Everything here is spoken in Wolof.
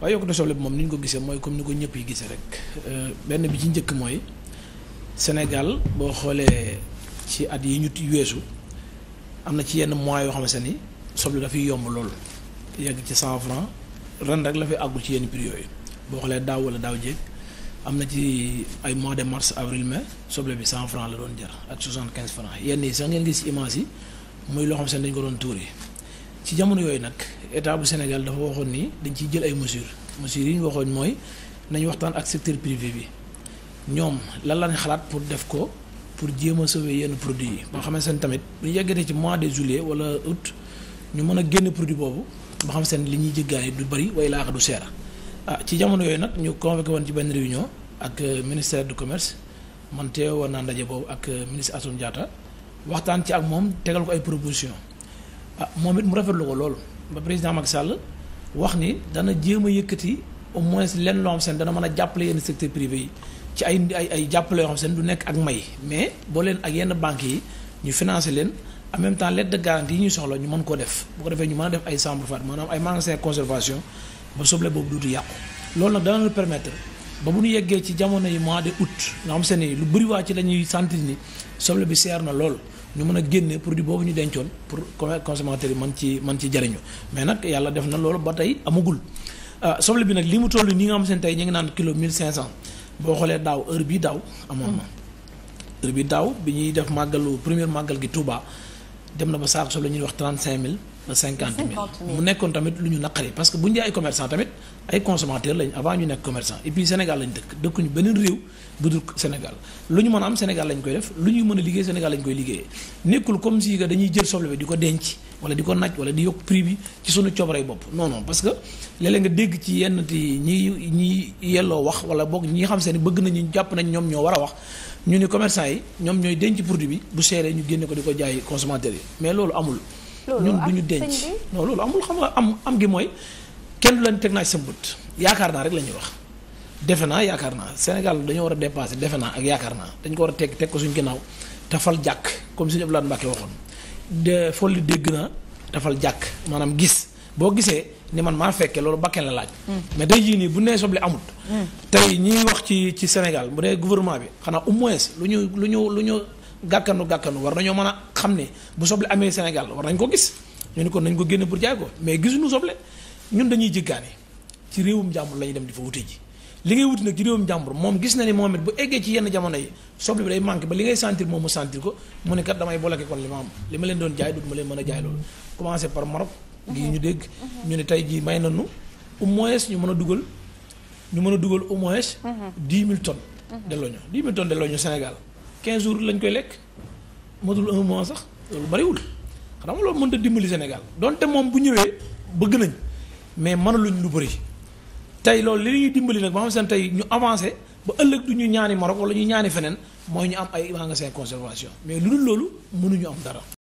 waaye yokkute soble bi moom ni ñu ko gisee mooy comme ni ko ñëpp yi gisee rek euh, benn bi ci njëkk mooy Sénégal boo xoolee ci at yi ñu weesu am na ci yenn mois yoo xam xamante ni soble dafay yomb lool yegg ci cent franc ren rek la fi àggul ci yenn prix yooyu boo xoolee daaw wala daaw jéeg am na ci ay mois de mars avril mai soble bi cent franc la doon jar ak soixante quinze franc yenn yi sax ngeen gis image yi muy loo xamante ni dañ ko doon tuur ci jamono yooyu nag état bu Sénégal dafa waxoon nii dañ ciy jël ay mesures mesures yi ñu waxoon mooy nañ waxtaan ak secteur privé bi ñoom lan lañ xalaat pour def ko pour jéem a sauver yenn produit yi. ba xam ne seen tamit bu ñu yeggatee ci mois de juillet wala août ñu mën a génn produit boobu ba xam seen li ñuy jëggaane du bëri way laax du seera ah ci jamono yooyu nag ñu convoqué ci benn réunion ak euh, ministère du commerce man war naa ndaje boobu ak euh, ministre Assome Diatta waxtaan ci ak moom tegal ko ay proposition ah moom it mu rafetlu ko loolu ba président Macky Sall wax ni dana jéem a yëkkati au moins lenn loo xam seen dana mën a jàppale yenn secteur privé yi ci ay ay ay jàppale yoo xam seen du nekk ak may mais boo leen ak yenn banque yi ñu financé leen en même temps lettre de garantie yi ñuy soxla ñu mën koo def boo ko defee ñu mën a def ay chambre froide maanaam ay magasin conservation ba soble boobu duutu yàqu loolu nag dana permettre ba bu ñu yeggee ci jamono yi mois de août nga xam seen lu bëri waa la ñuy sentir ni soble bi seer na lool ñu mën a génne produit boobu ñu dencoon pour consommateur yi mën ci man ci jariñu mais nag yàlla def na loolu ba tey amagul ah, soble bi nag li mu toll nii nga xam seen tey ñu ngi naan kilo 1500 boo xoolee daaw heure bi daaw amoon na heure bi daaw bi ñuy def màggalu première màggal gi Touba dem na ba saako soble ñuy wax cinq 35000 cinquante mille mu nekkoon tamit lu ñu naqari parce que bu ñu dee ay commerçant tamit ay consommateur lañ avant ñu nekk commerçant et puis Sénégal lañ dëkk dëkkuñu beneen réew bu dul Sénégal lu ñu mën a am Sénégal lañ koy def lu ñuy mën a liggéey Sénégal lañ koy liggéeyee nekkul comme si que dañuy jël soble bi di ko denc wala di ko naaj wala di yokk prix bi ci sunu coobare bopp non non parce que léeg nga dégg ci yenn ti ñi ñi yelloo wax wala boog ñi xam seen bëgg nañu jàpp nañ ñoom ñoo war a wax ñu ni commerçant yi ñoom denc produit bi bu seeree ñu génne ko di ko jaay consommateur yi mais loolu amul ñun du ñu denc non loolu amul xam nga am am gi mooy kenn du leen teg naa ci sa bët yaakaar naa rek la ñuy wax defe naa yaakaar naa Sénégal dañoo war a dépassé defe naa ak yaakaar naa dañ ko war a teg teg ko suñ te tafal jàkk comme suñu Abdoulaye Mbacke waxoon de folli dégg naa tafal jàkk maanaam gis boo gisee ni man maa fekkee loolu bakkee la laaj mm. mais tey jii nii bu nee soble amut mm. tey ñiy wax ci ci Sénégal bu dee gouvernement bi xanaa au moins lu ñu lu ñu lu ñu gàkkanu gàkkanu war nañoo man a xam ne bu soble amee Sénégal war nañ ko gis ñu ni kon nañ ko génne pour jaay ko mais gisuñu soble ñun dañuy jëggaane ci réewum jàmbur la ñuy dem di fa wute ji li ngay wuti nag ci réewum jàmbur moom gis na ni moom it bu eggee ci yenn jamono yi soble bi day manqué ba li ngay sentir moom mu sentir ko mu ne kat damay bloqué kon li ma am li ma leen doon jaay dut ma leen mën a jaay loolu commencé par Maroc gi ñu dégg ñu ne tey jii may nañu au moins ñu mën a dugal ñu mën a dugal au moins mhm. dix mille tonnes delloo ñu dix mille tonnes Sénégal 15 jours lañ koy lekk matul un mois sax loolu bariwul xam loolu mënut dimbali Sénégal donte moom bu ñëwee bëgg nañ mais mënaluñ lu bëri tey loolu li ñuy dimbali nag ba xam seen tey ñu avancé ba ëllëg du ñu ñaani Maroc wala ñu ñaani feneen mooy ñu am ay magasin conservation mais lu dul loolu mënuñu am dara.